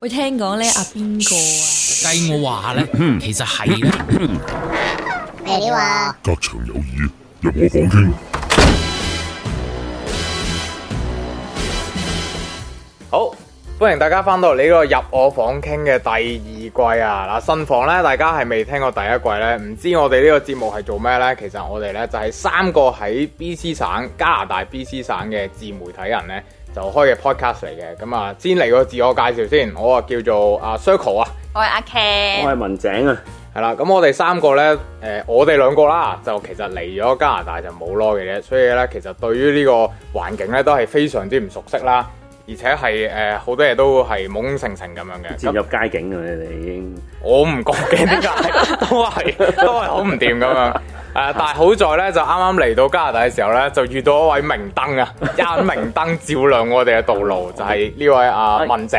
喂，會聽講咧，阿邊個啊？計我話咧，嗯、哼其實係。你話隔牆有耳，入我房傾。好，歡迎大家翻到嚟呢個入我房傾嘅第二季啊！嗱，新房咧，大家係未聽過第一季咧？唔知我哋呢個節目係做咩咧？其實我哋咧就係、是、三個喺 B C 省加拿大 B C 省嘅自媒體人咧。就開嘅 podcast 嚟嘅，咁啊，先嚟個自我介紹先，我啊叫做阿 Circle 啊，我係阿 Can，我係文井啊，係啦，咁我哋三個咧，誒、呃，我哋兩個啦，就其實嚟咗加拿大就冇耐嘅啫，所以咧，其實對於呢個環境咧都係非常之唔熟悉啦，而且係誒好多嘢都係懵成成咁樣嘅，跌入街景啊那你哋已經，我唔覺嘅都係都係都係好唔掂咁樣嘅。呃、但係好在咧，就啱啱嚟到加拿大嘅時候咧，就遇到一位明燈啊，一盞明燈照亮我哋嘅道路， 就係呢位阿、啊、文井。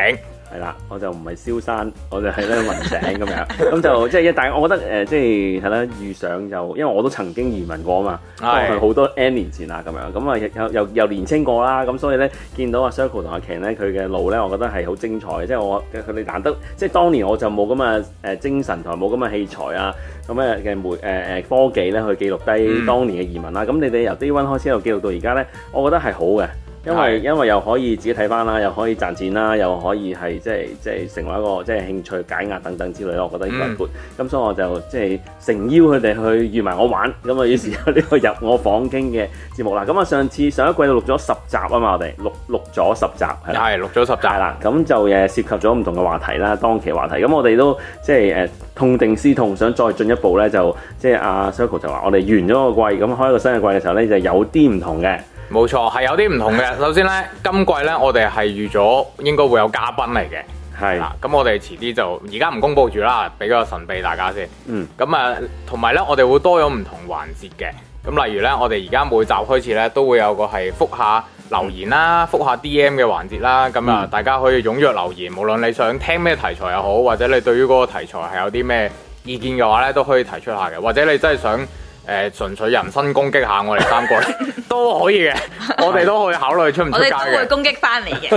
係啦，我就唔係蕭山，我就喺咧雲井咁樣，咁 就即係一。但係我覺得誒、呃，即係係啦，遇上就，因為我都曾經移民過啊嘛，好的多 N 年前啦咁樣，咁啊又又又年青過啦，咁所以咧見到阿 Circle 同阿 Ken 咧，佢嘅路咧，我覺得係好精彩。即係我佢哋難得，即係當年我就冇咁嘅誒精神同埋冇咁嘅器材啊咁嘅嘅媒誒誒、呃、科技咧去記錄低當年嘅移民啦。咁、嗯、你哋由低溫開始又記錄到而家咧，我覺得係好嘅。因為因為又可以自己睇翻啦，又可以賺錢啦，又可以係即係即係成為一個即係興趣解壓等等之類咯，我覺得應該闊。咁、嗯嗯、所以我就即係誠邀佢哋去預埋我玩，咁啊於是有呢，這個入我房傾嘅節目啦。咁、嗯、啊上次上一季錄咗十集啊嘛，我哋錄錄咗十集係錄咗十集啦。咁就誒涉及咗唔同嘅話題啦。當期話題，咁我哋都即係誒痛定思痛，想再進一步咧，就即係阿 Circle 哥就話我哋完咗個季，咁開一個新嘅季嘅時候咧就是，有啲唔同嘅。冇錯，係有啲唔同嘅。首先呢，今季呢，我哋係預咗應該會有嘉賓嚟嘅。係啦是，咁我哋遲啲就而家唔公佈住啦，俾個神秘大家先。嗯。咁啊，同埋呢，我哋會多咗唔同環節嘅。咁例如呢，我哋而家每集開始呢，都會有個係覆下留言啦，嗯、覆下 DM 嘅環節啦。咁啊，大家可以踴躍留言，無論你想聽咩題材又好，或者你對於嗰個題材係有啲咩意見嘅話呢，都可以提出下嘅。或者你真係想。誒、呃、純粹人身攻擊下我哋三個都可以嘅， 我哋都可以考慮出唔出街嘅。我會攻擊翻你嘅。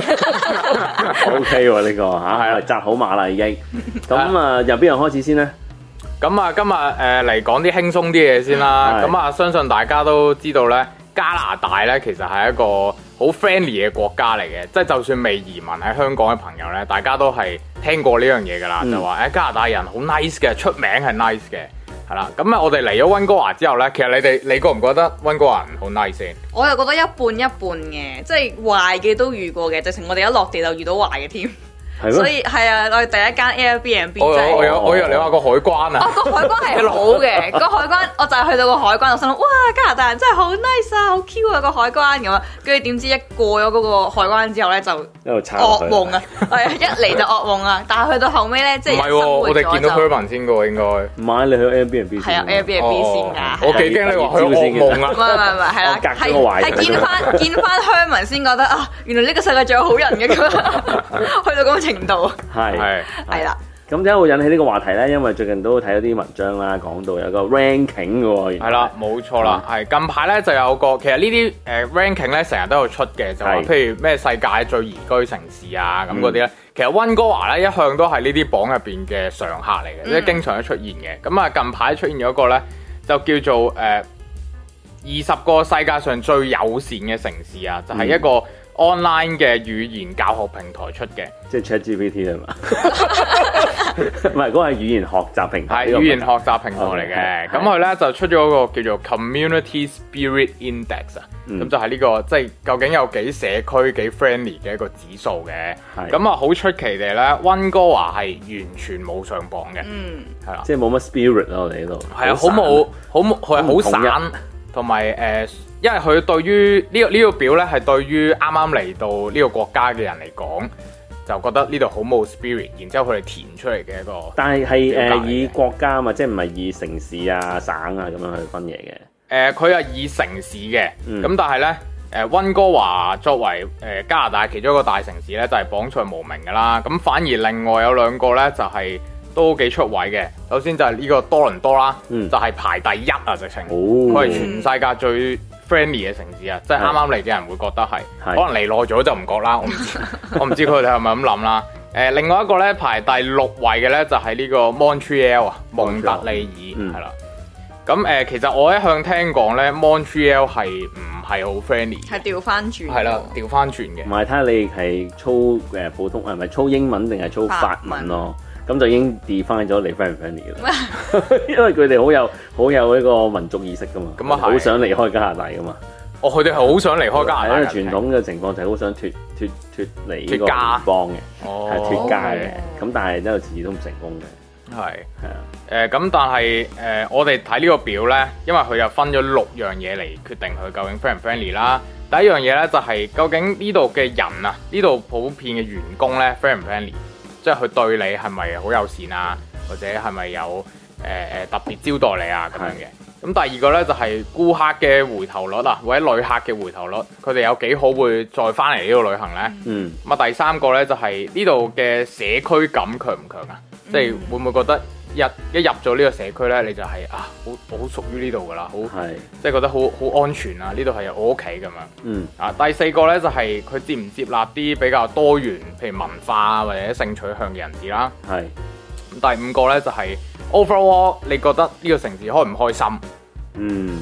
O K 喎，呢個吓，係紮好馬啦已經。咁啊，由邊樣開始先呢？咁啊，今日誒嚟講啲輕鬆啲嘢先啦。咁、嗯、啊，啊，相信大家都知道呢，加拿大呢，其實係一個好 friendly 嘅國家嚟嘅，即係就算未移民喺香港嘅朋友呢，大家都係聽過呢樣嘢㗎啦，嗯、就話誒加拿大人好 nice 嘅，出名係 nice 嘅。係啦，咁啊，我哋嚟咗溫哥華之後咧，其實你哋你覺唔覺得溫哥華唔好 nice？我又覺得一半一半嘅，即係壞嘅都遇過嘅，直情我哋一落地就遇到壞嘅添。 所以係啊，我哋第一間 Airbnb 我有我以為你話個海關啊！哦，個海關係好嘅，個海關我就係去到個海關，我心諗哇，加拿大人真係好 nice 啊，好 Q 啊個海關咁啊，跟住點知一過咗嗰個海關之後咧就噩夢啊！係一嚟就噩夢啊！但係去到後尾咧即係我哋見到 Herman 先嘅喎，應該唔係你去 Airbnb 係啊 Airbnb 先㗎，我幾驚你話去噩夢啊！唔係唔係唔係，係啦，係係見翻見翻 Herman 先覺得啊，原來呢個世界仲有好人嘅咁啊，去到咁。度係係係啦，咁點解會引起呢個話題呢？因為最近都睇咗啲文章講啦，講到有個 ranking 嘅，係啦，冇錯啦，係近排呢就有個，其實呢啲誒 ranking 呢成日都有出嘅，就話譬如咩世界最宜居城市啊咁嗰啲呢。其實溫哥華呢一向都係呢啲榜入邊嘅常客嚟嘅，即係、嗯、經常咧出現嘅。咁啊近排出現咗一個呢,就叫做誒二十個世界上最友善嘅城市啊，就係、是、一個。嗯 Online 嘅語言教學平台出嘅，即係 ChatGPT 係嘛？唔係嗰個係語言學習平台，係語言學習平台嚟嘅。咁佢咧就出咗一個叫做 Community Spirit Index 啊，咁就係呢個即係究竟有幾社區幾 friendly 嘅一個指數嘅。咁啊好出奇地咧，溫哥華係完全冇上榜嘅。嗯，係啦，即係冇乜 spirit 咯，我哋呢度係啊，好冇好佢係好散同埋誒。因為佢對於呢、這個呢、這個表呢，係對於啱啱嚟到呢個國家嘅人嚟講，就覺得呢度好冇 spirit。然之後佢哋填出嚟嘅一個，但係係、呃、以國家或者唔係以城市啊、省啊咁樣去分嘢嘅。佢係、呃、以城市嘅。咁、嗯、但係呢，誒、呃、温哥華作為誒、呃、加拿大其中一個大城市呢，就係榜上無名噶啦。咁反而另外有兩個呢，就係、是、都幾出位嘅。首先就係呢個多倫多啦，嗯、就係排第一啊，直情。佢係、哦、全世界最 friendly 嘅城市啊，即係啱啱嚟嘅人會覺得係，的可能嚟耐咗就唔覺啦。我唔知， 我唔知佢哋係咪咁諗啦。誒，另外一個咧排第六位嘅咧就係、是、呢個 Montreal 啊，Montreal, 蒙特利爾係啦。咁誒、嗯呃，其實我一向聽講咧 Montreal 係唔係好 friendly，係調翻轉，係啦，調翻轉嘅。唔係睇下你係操誒、呃、普通係咪操英文定係操法文咯？法嗯咁就已經 define 咗你 friend 唔 friendly 啦， 因為佢哋好有好有呢個民族意識噶嘛，好想離開加拿大噶嘛。哦，佢哋係好想離開加拿大，因為傳統嘅情況就係好想脫脫脫離呢個聯邦嘅，係脱家嘅。咁、哦 okay、但係呢度次次都唔成功嘅。係係是啊，誒咁、呃、但係誒、呃、我哋睇呢個表咧，因為佢又分咗六樣嘢嚟決定佢究竟 friend 唔 friendly 啦、嗯。第一樣嘢咧就係、是、究竟呢度嘅人啊，呢度普遍嘅員工咧 friend 唔 friendly？即係佢對你係咪好友善啊？或者係咪有誒、呃呃、特別招待你啊咁樣嘅？咁的第二個呢，就係、是、顧客嘅回頭率啊，或者旅客嘅回頭率，佢哋有幾好會再返嚟呢度旅行呢？嗯。咁啊，第三個呢，就係呢度嘅社區感強唔強啊？嗯、即係會唔會覺得？一一入咗呢個社區咧，你就係啊，好好屬於呢度噶啦，好即係覺得好好安全啊，呢度係我屋企咁樣。嗯，啊，第四個咧就係佢接唔接納啲比較多元，譬如文化或者性取向嘅人士啦。係的第五個咧就係、是、overall，你覺得呢個城市開唔開心？嗯，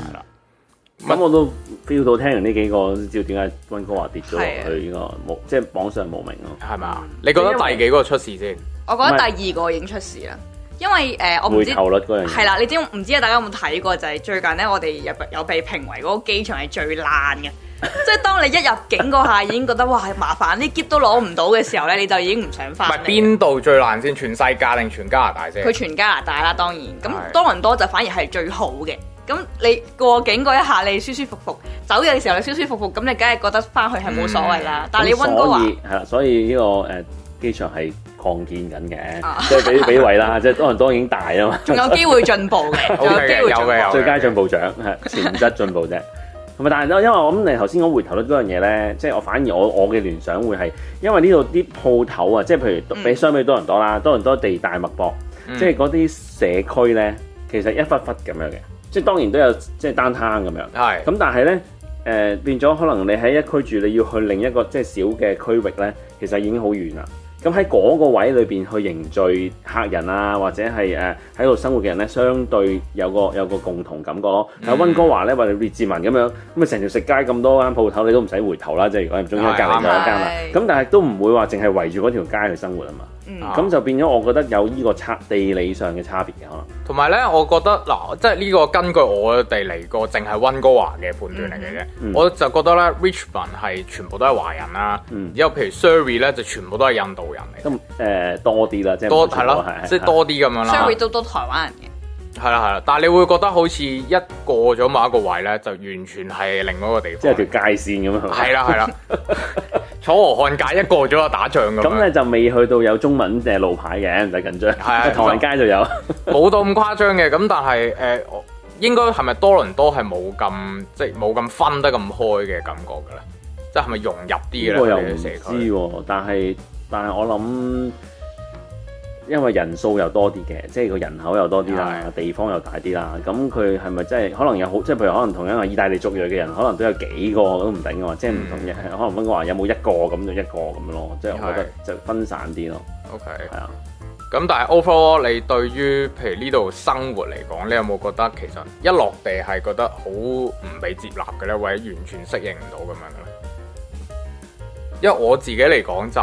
咁的我都 feel 到聽完呢幾個，知道點解溫哥華跌咗落去呢個無即係榜上無名咯，係咪？你覺得第幾個出事先？我覺得第二個已經出事啦。因為誒、呃，我唔知係啦，你知唔知啊？大家有冇睇過？就係、是、最近咧，我哋入有被評為嗰個機場係最爛嘅。 即係當你一入境嗰下 已經覺得哇麻煩，啲喼都攞唔到嘅時候咧，你就已經唔想翻。邊度最爛先？全世界定全加拿大先？佢全加拿大啦，當然咁多倫多就反而係最好嘅。咁是你過境嗰一下，你舒舒服服走嘅時候你舒舒服服，咁你梗係覺得翻去係冇所謂啦。嗯、但係你温哥華，係啦、嗯，所以呢個誒機場係擴建緊嘅，啊、即係畀畀位啦， 即係多倫多已經大啊嘛，仲有機會進步嘅， 有嘅最佳進步獎，潛質 進步啫。同埋 但係都因為我諗，你頭先我回頭率嗰樣嘢咧，即、就、係、是、我反而我我嘅聯想會係，因為呢度啲鋪頭啊，即係譬如比相比多倫多啦，嗯、多倫多地大物博，嗯、即係嗰啲社區咧，其實一忽忽咁樣嘅，即係當然都有即係單攤咁樣。係咁， 但係咧誒變咗，可能你喺一區住，你要去另一個即係小嘅區域咧，其實已經好遠啦。咁喺嗰個位裏邊去凝聚客人啊，或者係誒喺度生活嘅人咧，相對有個有個共同感覺咯。喺溫 哥華咧，或者列治文咁樣，咁啊成條食街咁多間鋪頭，你都唔使回頭啦。即係如果唔中意隔離嗰間啦，咁但係都唔會話淨係圍住嗰條街去生活啊嘛。咁就變咗，我覺得有呢個差地理上嘅差別嘅可能。同埋咧，我覺得嗱，即係呢個根據我哋嚟過淨係溫哥華嘅判斷嚟嘅啫。我就覺得咧，Richmond 係全部都係華人啦。然之後譬如 Surrey 咧，就全部都係印度人嚟。都誒多啲啦，即係多係咯，即係多啲咁樣啦。Surrey 都多台灣人嘅。係啦係啦，但係你會覺得好似一過咗某一個位咧，就完全係另外一個地方，即係條界線咁樣。係啦係啦。楚河漢界，一過咗就打仗咁，咁咧 就未去到有中文嘅路牌嘅，唔使緊張。係啊的，唐為人街就有，冇到咁誇張嘅。咁但係誒、呃，我應該係咪多倫多係冇咁即係冇咁分得咁開嘅感覺嘅咧？即係咪融入啲咧？又啊、 我又唔知，但係但係我諗。因為人數又多啲嘅，即係個人口又多啲啦，的地方又大啲啦，咁佢係咪即係可能有好，即係譬如可能同樣係意大利族裔嘅人，可能都有幾個都唔頂嘅、嗯、即係唔同嘅，可能唔好話有冇一個咁就一個咁樣咯，即係的我覺得就分散啲咯。OK，係啊的，咁但係 overall，你對於譬如呢度生活嚟講，你有冇覺得其實一落地係覺得好唔被接納嘅咧？或者完全適應唔到咁樣嘅？因為我自己嚟講，就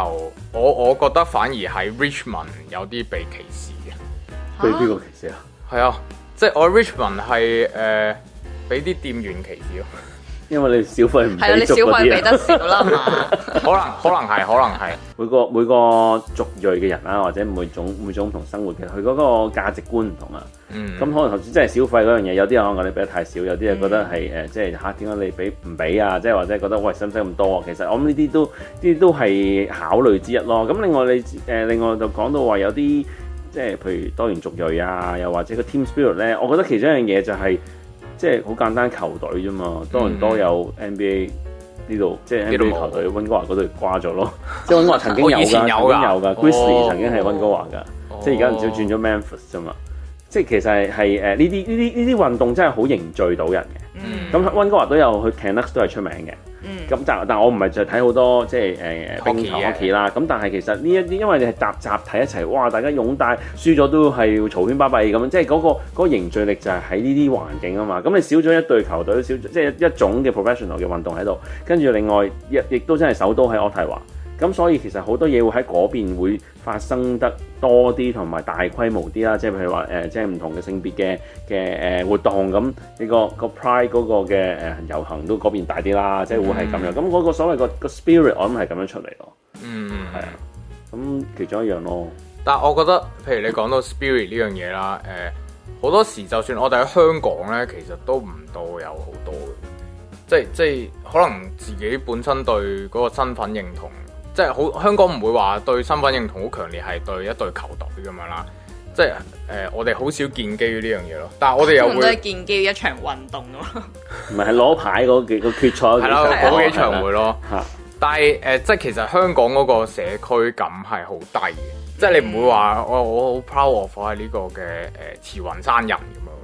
我我覺得反而喺 Richmond 有啲被歧視嘅、啊就是呃，被邊個歧視啊？係啊，即係我 Richmond 係誒俾啲店員歧視咯。因為你小費唔俾足，係你小費俾得少啦， 可能可能係可能係每個每個族裔嘅人啦、啊，或者每種每種唔同生活嘅佢嗰個價值觀唔同啊。嗯，咁可能頭先真係小費嗰樣嘢，有啲人可能覺得俾得太少，有啲人覺得係誒，即係吓點解你俾唔俾啊？即係或者覺得喂使唔使咁多，其實我諗呢啲都啲都係考慮之一咯。咁另外你誒、呃、另外就講到話有啲即係譬如多元族裔啊，又或者個 team spirit 咧，我覺得其中一樣嘢就係、是。即係好簡單，球隊啫嘛，多倫多有 NBA 呢度，即係 NBA 球隊，溫哥華嗰度瓜咗咯。即係溫哥華曾經有㗎， 有曾經有㗎，Grizzlies、哦、曾經係溫哥華㗎，哦、即係而家唔少轉咗 Memphis 啫嘛。哦、即係其實係誒呢啲呢啲呢啲運動真係好凝聚到人嘅。咁溫、嗯、哥華都有佢 Canucks 都係出名嘅。咁集，嗯、但係我唔係淨係睇好多，即係誒誒冰球啦。咁但係其實呢一啲，因為你係集集睇一齊，哇！大家擁戴輸咗都係要嘈喧巴閉嘢咁樣，即係嗰、嗰個嗰個凝聚力就係喺呢啲環境啊嘛。咁你少咗一隊球隊，少即係一,一種嘅 professional 嘅運動喺度，跟住另外亦亦都真係首都喺渥太華。咁所以其實好多嘢會喺嗰邊會發生得多啲，同埋大規模啲啦。即係譬如話誒、呃，即係唔同嘅性別嘅嘅誒活動咁，你個個 Pride 嗰個嘅誒、呃、遊行都嗰邊大啲啦。即係會係咁樣。咁嗰、嗯、個所謂個個 spirit 我諗係咁樣出嚟咯。嗯，係啊。咁其中一樣咯。但係我覺得，譬如你講到 spirit 呢樣嘢啦，誒、呃、好多時就算我哋喺香港咧，其實都唔多有好多嘅。即係即係可能自己本身對嗰個身份認同。即係好香港唔會話對身份認同好強烈，係對一隊球隊咁樣啦。即係誒、呃，我哋好少建基於呢樣嘢咯。但係我哋又會多建基於一場運動㗎嘛。唔係攞牌嗰個決，決賽，係啦，嗰幾場會咯。啦但係誒、呃，即係其實香港嗰個社區感係好低嘅。嗯、即係你唔會話我我好 proud of 喺呢個嘅誒慈雲山人。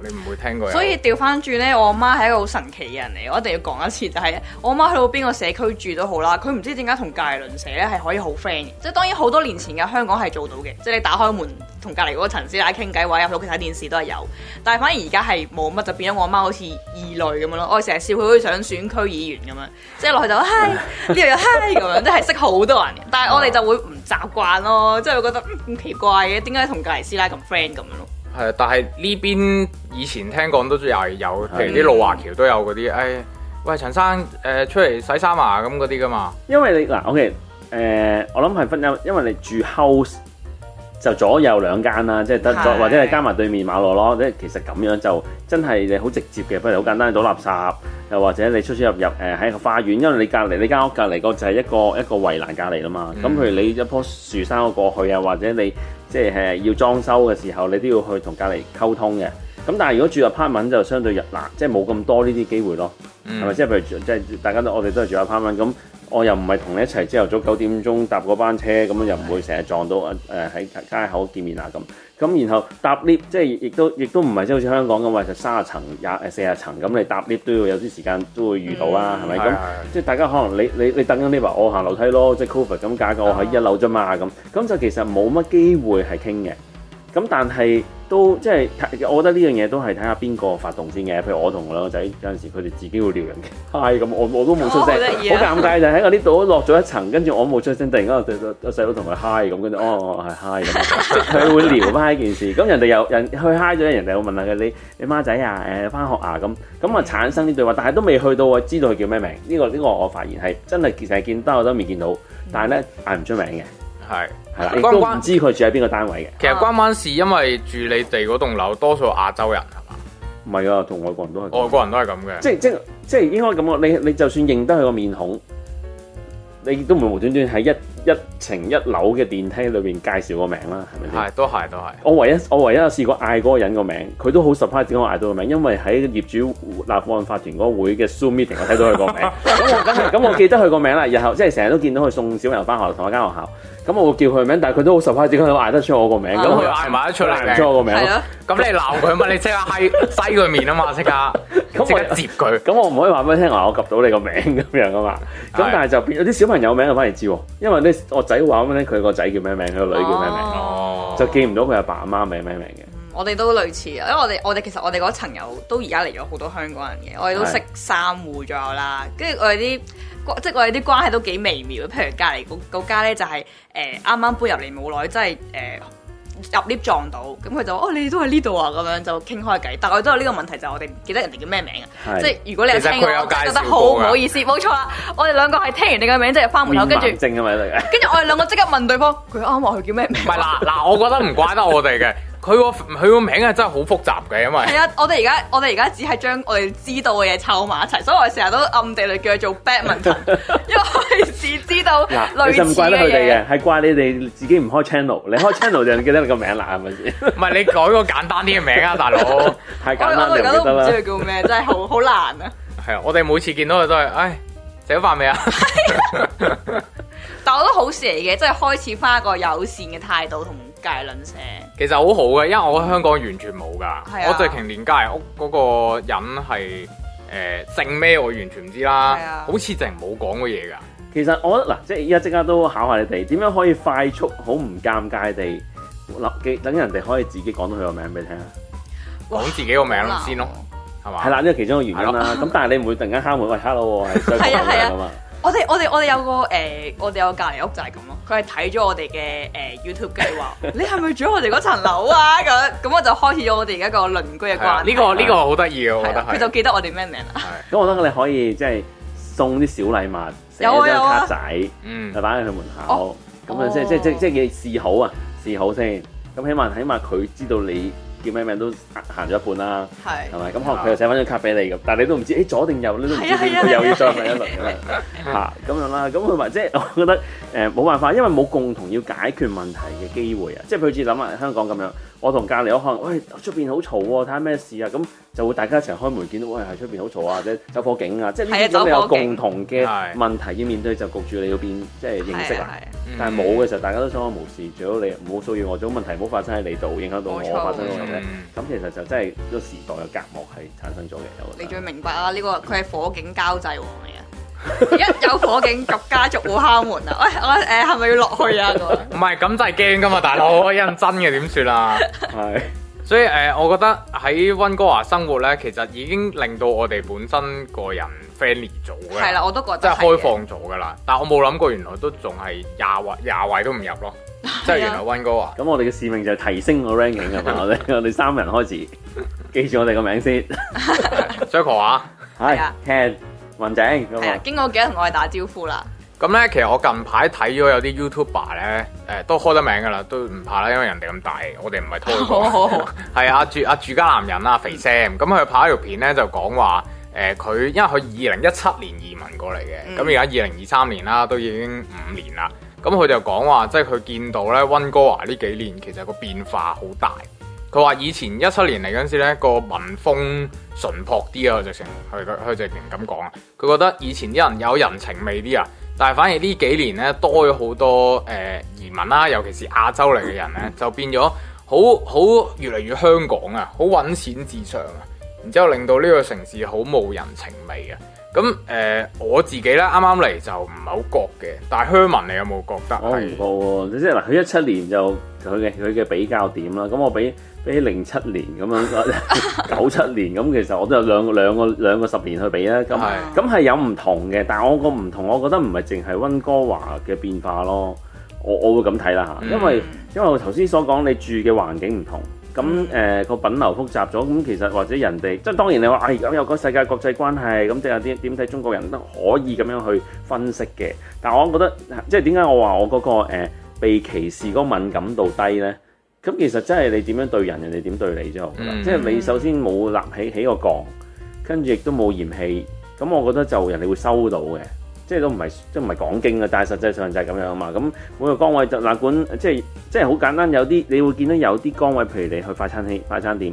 你唔會聽過，所以調翻轉咧，我媽係一個好神奇嘅人嚟，我一定要講一次就係，我媽去到邊個社區住都好啦，佢唔知點解同隔離鄰舍咧係可以好 friend 嘅，即係當然好多年前嘅香港係做到嘅，即係你打開門同隔離嗰個陳師奶傾偈，或者入到屋企睇電視都係有，但係反而而家係冇乜就變咗我媽好似異類咁樣咯，我成日笑佢好似想選區議員咁樣，即係落去就嗨呢度又嗨咁樣，即係識好多人，但係我哋就會唔習慣咯，即係覺得咁、嗯、奇怪嘅，點解同隔離師奶咁 friend 咁樣咯？係，但係呢邊以前聽講都又係有，譬如啲老華僑都有嗰啲。哎，喂，陳生，誒、呃，出嚟洗衫啊，咁嗰啲噶嘛？因為你嗱、啊、，OK，誒、呃，我諗係分因，因為你住 house 就左右兩間啦，即係得，是或者係加埋對面馬路咯。即係其實咁樣就真係你好直接嘅，不如好簡單倒垃圾，又或者你出出入入，誒、呃，喺個花園，因為你隔籬你間屋隔籬個就係一個一個圍欄隔籬啦嘛。咁、嗯、譬如你一棵樹生咗過去啊，或者你。即係要裝修嘅時候，你都要去同隔籬溝通嘅。咁但係如果住 apartment 就相對入難，即係冇咁多呢啲機會咯，係咪、嗯？即係譬如即係大家都我哋都係住 apartment 咁。我又唔係同你一齊，朝頭早九點鐘搭嗰班車，咁樣又唔會成日撞到誒喺、呃、街口見面啊咁。咁然後搭 lift，即係亦都亦都唔係即係好似香港咁話，就三十層、廿誒四十層咁你搭 lift 都要有啲時間都會遇到啦，係咪咁？即係吧大家可能你你你，你等緊 lift，我行樓梯咯，即係 cover 咁解嘅，的我喺一樓啫嘛咁。咁就其實冇乜機會係傾嘅。咁但係。都即係，我覺得呢樣嘢都係睇下邊個發動先嘅。譬如我同我兩個仔有陣時，佢哋自己會撩緊嘅。hi 咁，我我都冇出聲。好尷、oh, 啊、尬就喺我呢度落咗一層，跟住我冇出聲，突然間我細佬同佢嗨。咁，跟住哦哦係 hi 咁，佢會撩返件事。咁 人哋又人去嗨咗，人哋會問下你你孖仔啊，誒、呃、返學啊咁，咁啊產生呢對話，但係都未去到我知道佢叫咩名。呢、呢個呢、呢個我發現係真係其實見得，我都未見到，但係咧嗌唔出名嘅，係。 係，你都唔知佢住喺邊個單位嘅。其實關關事，因為住你哋嗰棟樓，多數亞洲人係嘛？唔係啊，同外國人都係、哦。外國人都係咁嘅，即係即係即係應該咁講，你你就算認得佢個面孔，你都無無端端喺一。一程一樓嘅電梯裏邊介紹個名啦，係咪？係都係都係。我唯一我唯一有試過嗌嗰個人個名，佢都好 surprise，我嗌到個名？因為喺業主立案法團嗰會嘅 Zoom Meeting，我睇到佢個名，咁我咁記得佢個名啦。然後即係成日都見到佢送小朋友翻學，同一間學校。咁我會叫佢名，但係佢都好 surprise，佢嗌得出我個名？咁佢嗌埋得出出我個名。咁你鬧佢嘛？你即刻閪洗佢面啊嘛！即刻咁我接佢。咁我唔可以話俾你聽，話我及到你個名咁樣噶嘛？咁但係就有啲小朋友名我反而知，因為我仔話咁咧，佢個仔叫咩名，佢個女叫咩名，oh. 就見唔到佢阿爸阿媽，媽名咩名嘅。我哋都類似啊，因為我哋我哋其實我哋嗰層有都而家嚟咗好多香港人嘅，我哋都識三戶左右啦。跟住我哋啲關，即係我哋啲關係都幾微妙。譬如隔離嗰家咧、就是，就係誒啱啱搬入嚟冇耐，真係誒。呃入 lift 撞到，咁佢就哦，你都喺呢度啊！咁樣就傾開偈。但係我哋都有呢個問題，就我哋唔記得人哋叫咩名啊？即係如果你有聽過，我真係覺得好唔好意思。冇錯啦，我哋兩個係聽完你嘅名即係翻門口，跟住跟住我哋兩個即刻問對方，佢啱啱佢叫咩名？唔係，嗱，我覺得唔怪得我哋嘅，佢個佢個名係真係好複雜嘅，因為係啊！我哋而家我哋而家只係將我哋知道嘅嘢湊埋一齊，所以我哋成日都暗地裏叫佢做 badminton，因為只。嗱，你就唔怪得佢哋嘅，係怪你哋自己唔開 channel。你開 channel 就你記得你個名啦，係咪先？唔係你改個簡單啲嘅名啊，大佬，太簡單我都唔知佢叫咩，真係好好難啊。係啊，我哋每次見到佢都係，唉，食咗飯未啊？但我都好蛇嘅，即係開始翻一個友善嘅態度同隔鄰蛇。其實好好嘅，因為我喺香港完全冇噶，我最近連隔籬屋嗰個人係誒姓咩，我完全唔知啦，好似淨係冇講過嘢噶。其實我覺得嗱，即係而家即刻都考下你哋點樣可以快速好唔尷尬地諗記等人哋可以自己講到佢個名俾你聽啊，哇講自己個名先咯，係嘛？係啦，呢個其中個原因啦、啊。咁 但係你唔會突然間敲門，喂，hello 係衰到你咁啊！我哋我哋我哋有個誒、欸，我哋有個隔離屋就係咁咯。佢係睇咗我哋嘅誒 YouTube 計劃，你係咪住我哋嗰層樓啊？咁 咁我就開始咗我哋而家個鄰居嘅關係。呢、啊這個呢、這個這個好得意喎，佢、啊、就記得我哋咩名啦。咁我覺得你可以即係送啲小禮物。寫一張卡仔、啊啊，嗯，擺喺佢門口，咁啊、哦，即係即係即係叫示好啊，示好先，咁起碼起碼佢知道你叫咩名都行咗一半啦，係是，係咪？咁可能佢又寫翻張卡俾你咁，但係你都唔知，誒左定右，你都唔知佢又要再問一輪咁樣，嚇咁樣啦。咁佢咪即係我覺得誒冇、呃、辦法，因為冇共同要解決問題嘅機會啊。即係譬如好似諗下香港咁樣，我同隔離我可能，喂出邊好嘈喎，睇下咩事啊咁。嗯就會大家一齊開門見到，喂，喺出邊好嘈啊，或者走火警啊，即係呢種你有共同嘅問題要面對，就焗住你要變即係認識啊。但係冇嘅時候，大家都相安無事。最好你唔好騷擾我，或者問題唔好發生喺你度，影響到我發生咁其實就真係個時代嘅隔膜係產生咗嘅。你最明白啊？呢個佢係火警交際王嚟嘅，一有火警逐家逐戶敲門啊！喂，我誒係咪要落去啊？唔係，咁就係驚噶嘛，大佬，有人真嘅點算啊？係。所以誒、呃，我覺得喺溫哥華生活咧，其實已經令到我哋本身個人 friendly 咗嘅，我都覺得即係開放咗噶啦。但係我冇諗過，原來都仲係廿位廿位都唔入咯，的即係原來溫哥華。咁我哋嘅使命就係提升個 ranking 啊嘛！ 我哋我哋三人開始記住我哋個名先，Circle 啊，係 Can，文井，經過幾日同我哋打招呼啦。咁咧，其實我近排睇咗有啲 YouTuber 咧、呃，誒都開得名噶啦，都唔怕啦，因為人哋咁大，我哋唔係拖。係阿、 啊、住阿住家男人啊，肥 Sam 咁佢拍一條片咧，就講話誒佢，因為佢二零一七年移民過嚟嘅，咁而家二零二三年啦，都已經五年啦。咁、嗯、佢、嗯嗯、就講話，即係佢見到咧温哥華呢幾年其實個變化好大。佢話以前一七年嚟嗰陣時咧，個民風淳樸啲啊，直情佢佢直情咁講啊，佢覺得以前啲人有人情味啲啊。但係反而呢幾年咧，多咗好多誒、呃、移民啦、啊，尤其是亞洲嚟嘅人咧，就變咗好好越嚟越香港啊，好揾錢至上啊，然之後令到呢個城市好冇人情味啊。咁、嗯、誒、呃、我自己咧，啱啱嚟就唔係好覺嘅，但係香民，你有冇覺得？我唔覺，即係嗱，佢一七年就佢嘅佢嘅比較點啦。咁我比。比起零七年咁樣，九七 年咁，其實我都有兩兩個兩個兩個十年去比啦。咁咁係有唔同嘅，但係我個唔同，我覺得唔係淨係溫哥華嘅變化咯。我我會咁睇啦嚇，因為、嗯、因為我頭先所講你住嘅環境唔同，咁誒個品流複雜咗，咁其實或者人哋即係當然你話啊咁有個世界國際關係，咁即係點點睇中國人都可以咁樣去分析嘅。但係我覺得即係點解我話我嗰、嗰個、呃、被歧視嗰敏感度低呢？咁其實真係你點樣對人，人哋點對你啫。即係、嗯、你首先冇立起起個槓，跟住亦都冇嫌棄。咁我覺得就人哋會收到嘅，即係都唔係即係唔係講經嘅。但係實際上就係咁樣嘛。咁每個崗位就嗱，管即係即係好簡單。有啲你會見到有啲崗位，譬如你去快餐廳、快餐店，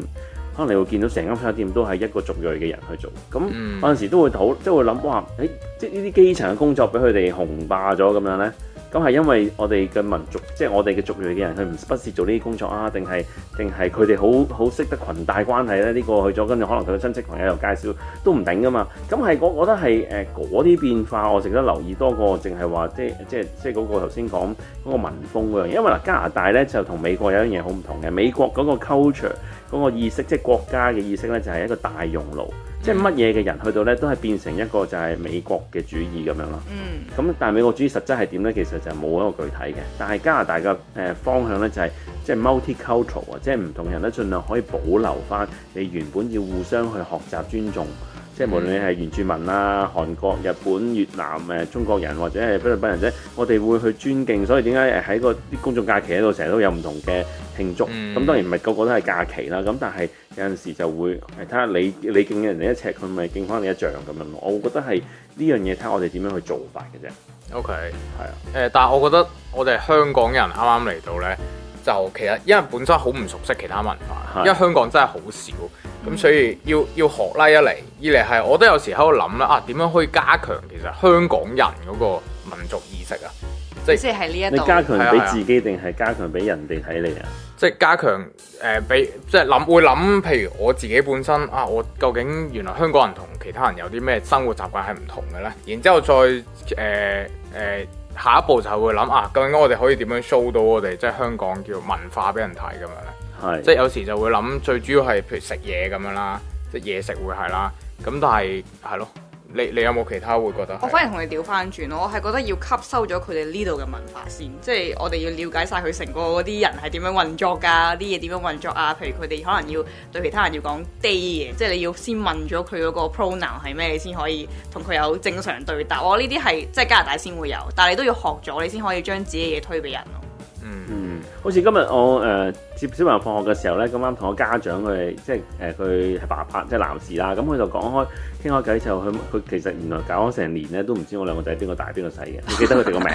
可能你會見到成間快餐店都係一個族裔嘅人去做。咁有陣時都會好，即係會諗哇，誒，即係呢啲基層嘅工作俾佢哋紅霸咗咁樣咧。咁係因為我哋嘅民族，即係我哋嘅族裔嘅人，佢唔不屑做呢啲工作啊，定係定係佢哋好好識得裙帶關係咧？呢個去咗跟住，可能佢嘅親戚朋友又介紹都唔頂噶嘛。咁係我覺得係誒嗰啲變化，我值得留意多過淨係話即即即嗰個頭先講嗰個民風㗎。因為啦，加拿大咧就同美國有一樣嘢好唔同嘅，美國嗰個 culture 嗰個意識，即係國家嘅意識咧，就係一個大熔爐。即係乜嘢嘅人去到呢，都係變成一個就係美國嘅主義咁樣咯。咁、嗯、但係美國主義實質係點呢？其實就冇一個具體嘅。但係加拿大嘅誒、呃、方向呢，就係即係 multi-cultural 啊，即係唔同人呢盡量可以保留返你原本，要互相去學習尊重。即係無論你係原住民啦、嗯、韓國、日本、越南誒、中國人或者係菲律賓人啫，嗯、我哋會去尊敬，所以點解喺個啲公眾假期喺度成日都有唔同嘅慶祝？咁、嗯、當然唔係個個都係假期啦。咁但係有陣時就會睇下你你敬人哋一尺，佢咪敬翻你一丈咁樣。我會覺得係呢樣嘢睇下我哋點樣去做法嘅啫。OK，係啊。誒，但係我覺得我哋香港人啱啱嚟到咧，就其實因為本身好唔熟悉其他文化，是啊、因為香港真係好少。咁、嗯、所以要要學啦，一嚟，二嚟係我都有時喺度諗啦啊，點樣可以加強其實香港人嗰個民族意識啊，即係呢一度，你加強俾自己定係、啊啊、加強俾人哋睇你啊？即係加強誒，比即係諗會諗，譬如我自己本身啊，我究竟原來香港人同其他人有啲咩生活習慣係唔同嘅呢？然之後再誒誒、呃呃、下一步就係會諗啊，究竟我哋可以點樣 show 到我哋即係香港叫文化俾人睇咁樣？即係有時就會諗，最主要係譬如食嘢咁樣啦，即係嘢食會係啦。咁但係係咯，你你有冇其他會覺得？我反而同你調翻轉咯，我係覺得要吸收咗佢哋呢度嘅文化先，即係我哋要了解晒佢成個嗰啲人係點樣運作噶，啲嘢點樣運作啊？譬如佢哋可能要對其他人要講 day 嘅，即係你要先問咗佢嗰個 pronoun 係咩，你先可以同佢有正常對答。我呢啲係即係加拿大先會有，但係你都要學咗，你先可以將自己嘅嘢推俾人咯。嗯，嗯好似今日我誒。呃接小朋友放學嘅時候咧，咁啱同我家長佢，即係誒佢係爸爸即係、就是、男士啦，咁佢就講開傾開偈，之後佢佢其實原來搞咗成年咧都唔知我兩個仔邊個大邊個細嘅，唔記得佢哋個名，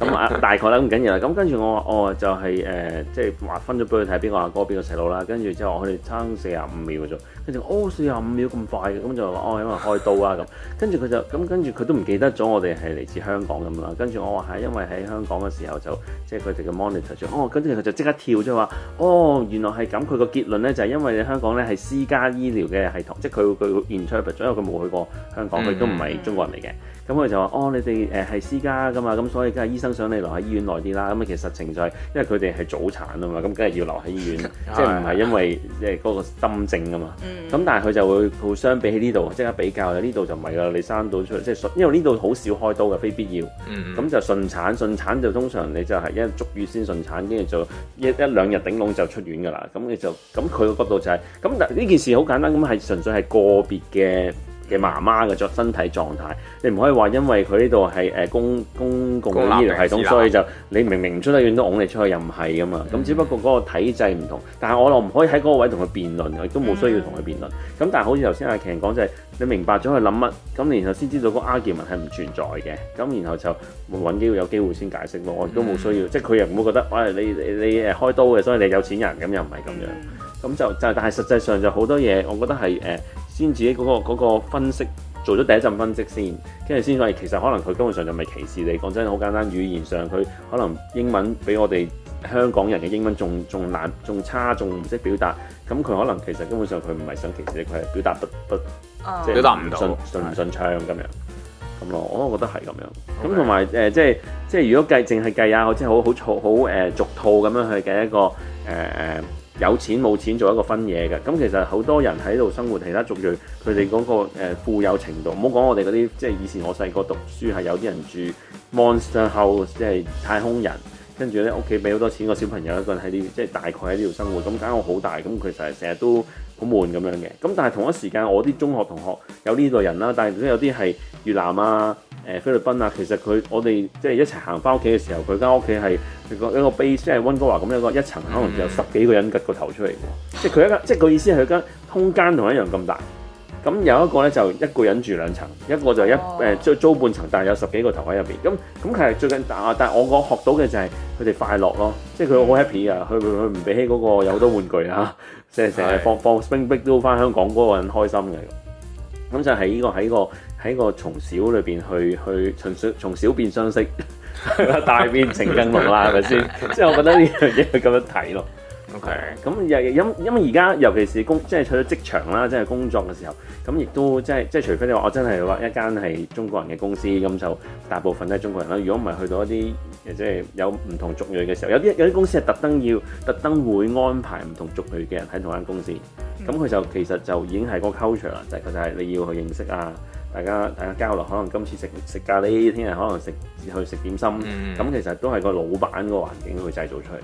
咁啊 大概啦咁緊要啦，咁跟住我話哦就係誒即係話分咗俾佢睇邊個阿哥邊個細佬啦，跟住之後我哋差四十五秒嘅啫，跟住哦四十五秒咁快嘅，咁就話哦因為開刀啊咁，跟住佢就咁，跟住佢都唔記得咗我哋係嚟自香港咁啦，跟住我話係因為喺香港嘅時候就即係佢哋嘅 monitor 住，哦跟住佢就即刻跳即係話。哦，原來係咁。佢個結論咧就係、是、因為你香港咧係私家醫療嘅系統，即係佢佢 research，因為佢冇去過香港，佢都唔係中國人嚟嘅。咁佢、嗯嗯、就話：哦，你哋誒係私家㗎嘛，咁所以梗係醫生想你留喺醫院耐啲啦。咁其實實情、就是、因為佢哋係早產啊嘛，咁梗係要留喺醫院， 即係唔係因為即係嗰個心症啊嘛。咁、嗯嗯、但係佢就會相比起呢度即刻比較，呢度就唔係啦。你生到出嚟即係因為呢度好少開刀嘅，非必要。咁就順產，順產就通常你就係因為足月先順產，跟住就一一兩日頂籠。就出院噶啦，咁佢就咁佢個角度就係、是、咁，但呢件事好簡單，咁係純粹係個別嘅。嘅媽媽嘅著身體狀態，你唔可以話因為佢呢度係誒公公共醫療系統，所以就你明明唔出得院都攬你出去，又唔係噶嘛，咁只不過嗰個體制唔同，但係我又唔可以喺嗰個位同佢辯論，亦都冇需要同佢辯論。咁但係好似頭先阿 Can 講就係、是、你明白咗佢諗乜，咁然後先知道個 argument 係唔存在嘅，咁然後就揾機會有機會先解釋咯。我亦都冇需要，嗯、即係佢又唔會覺得，喂、哎，你你你開刀嘅，所以你有錢人，咁又唔係咁樣。咁就就但係實際上就好多嘢，我覺得係誒。呃先自己嗰、嗰個嗰個分析，做咗第一陣分析先，跟住先係其實可能佢根本上就唔係歧視你，講真好簡單，語言上佢可能英文比我哋香港人嘅英文仲仲難、仲差、仲唔識表達，咁佢可能其實根本上佢唔係想歧視你，佢係表達不不，即係表達唔順順唔順暢咁樣，咁咯，我覺得係咁樣。咁同埋誒即係即係如果計淨係計啊，即係好好好誒，逐套咁樣去計一個誒誒。呃有錢冇錢做一個分野嘅，咁其實好多人喺度生活，其他族裔佢哋嗰個富有程度，唔好講我哋嗰啲，即係以前我細個讀書係有啲人住 monster house，即係太空人，跟住咧屋企俾好多錢個小朋友一個人喺呢，即係大概喺呢度生活，咁間屋好大，咁佢實係成日都好悶咁樣嘅，咁但係同一時間我啲中學同學有呢類人啦，但係都有啲係越南啊。誒菲律賓啊，其實佢我哋即係一齊行翻屋企嘅時候，佢間屋企係一個一個 base，即係溫哥華咁一,一個一層，可能有十幾個人擱個頭出嚟喎。即係佢一間，即係個意思係佢間空間同一樣咁大。咁有一個咧就一個人住兩層，一個就一誒租租半層，但係有十幾個頭喺入邊。咁咁其實最近打，但係我我學到嘅就係佢哋快樂咯，即係佢好 happy 啊，佢佢佢唔俾起嗰個有好多玩具啊，成成日放放 spring break 都翻香港嗰個人開心嘅。咁就係呢個喺個。喺個從小裏邊去去，純粹從小變相識， 大變情更濃啦，係咪先？即係我覺得呢樣嘢咁樣睇咯。OK，咁因 因為而家尤其是工即係喺咗職場啦，即係工作嘅時候，咁亦都即係即係，即係、除非你話我真係話一間係中國人嘅公司，咁就大部分都係中國人啦。如果唔係去到一啲即係有唔同族裔嘅時候，有啲有啲公司係特登要特登會安排唔同族裔嘅人喺同一間公司，咁佢、mm hmm。就其實就已經係個 culture 啦，就係就係你要去認識啊。大家大家交流，可能今次食食咖喱，聽日可能食去食點心，咁、嗯、其實都係個老闆個環境去製造出嚟。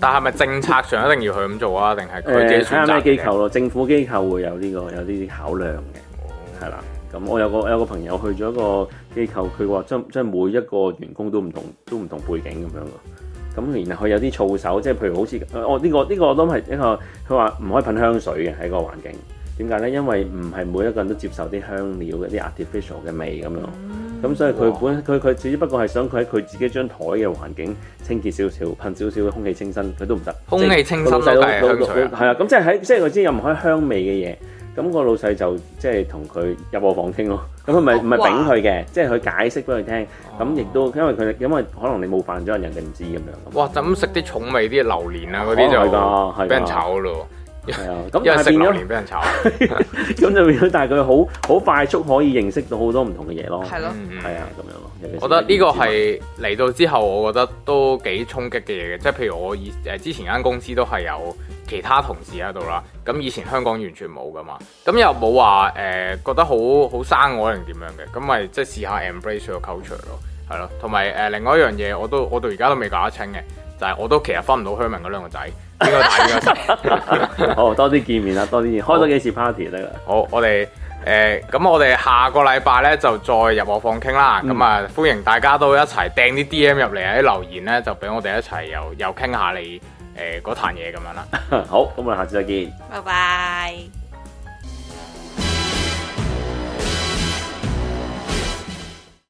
但係咪政策上一定要去咁做啊？定係佢自己選擇？睇咩機構咯？政府機構會有呢個有呢啲考量嘅，係啦。咁我有個有個朋友去咗一個機構，佢話將將每一個員工都唔同都唔同背景咁樣啊。咁然後佢有啲措手，即係譬如好似，哦，我呢個呢個諗係一個，佢話唔可以噴香水嘅喺個環境。點解咧？因為唔係每一個人都接受啲香料、啲 artificial 嘅味咁樣，咁所以佢本佢佢只不過係想佢喺佢自己張台嘅環境清潔少少，噴少少空氣清新，佢都唔得。空氣清新都係香。係啊，咁即係喺即係佢知有唔開香味嘅嘢，咁個老細就即係同佢入我房傾咯。咁佢咪唔係頂佢嘅，即係佢解釋俾佢聽。咁亦都因為佢因為可能你冒犯咗人，人哋唔知咁樣。哇！就咁食啲重味啲榴蓮啊嗰啲就俾人炒咯。係啊，咁因為食榴槤俾人炒 ，咁就變咗。但係佢好好快速可以認識到好多唔同嘅嘢咯。係咯，係啊，咁樣咯。我覺得呢個係嚟到之後，我覺得都幾衝擊嘅嘢嘅。即係譬如我以誒之前間公司都係有其他同事喺度啦。咁以前香港完全冇噶嘛。咁又冇話誒覺得好好生我定點樣嘅。咁咪即係試下 embrace 個 culture 咯、嗯，係咯。同埋誒另外一樣嘢，我都我到而家都未搞得清嘅，就係、是、我都其實分唔到香港嗰兩個仔。呢個 好，多啲見面啦，多啲見面，好開咗幾次 party 得啦。好，我哋誒，咁、呃、我哋下個禮拜咧就再入我房傾啦。咁啊、嗯，歡迎大家都一齊掟啲 DM 入嚟，啲留言咧就俾我哋一齊又又傾下你誒嗰壇嘢咁樣啦。好，咁我哋下次再見。拜拜。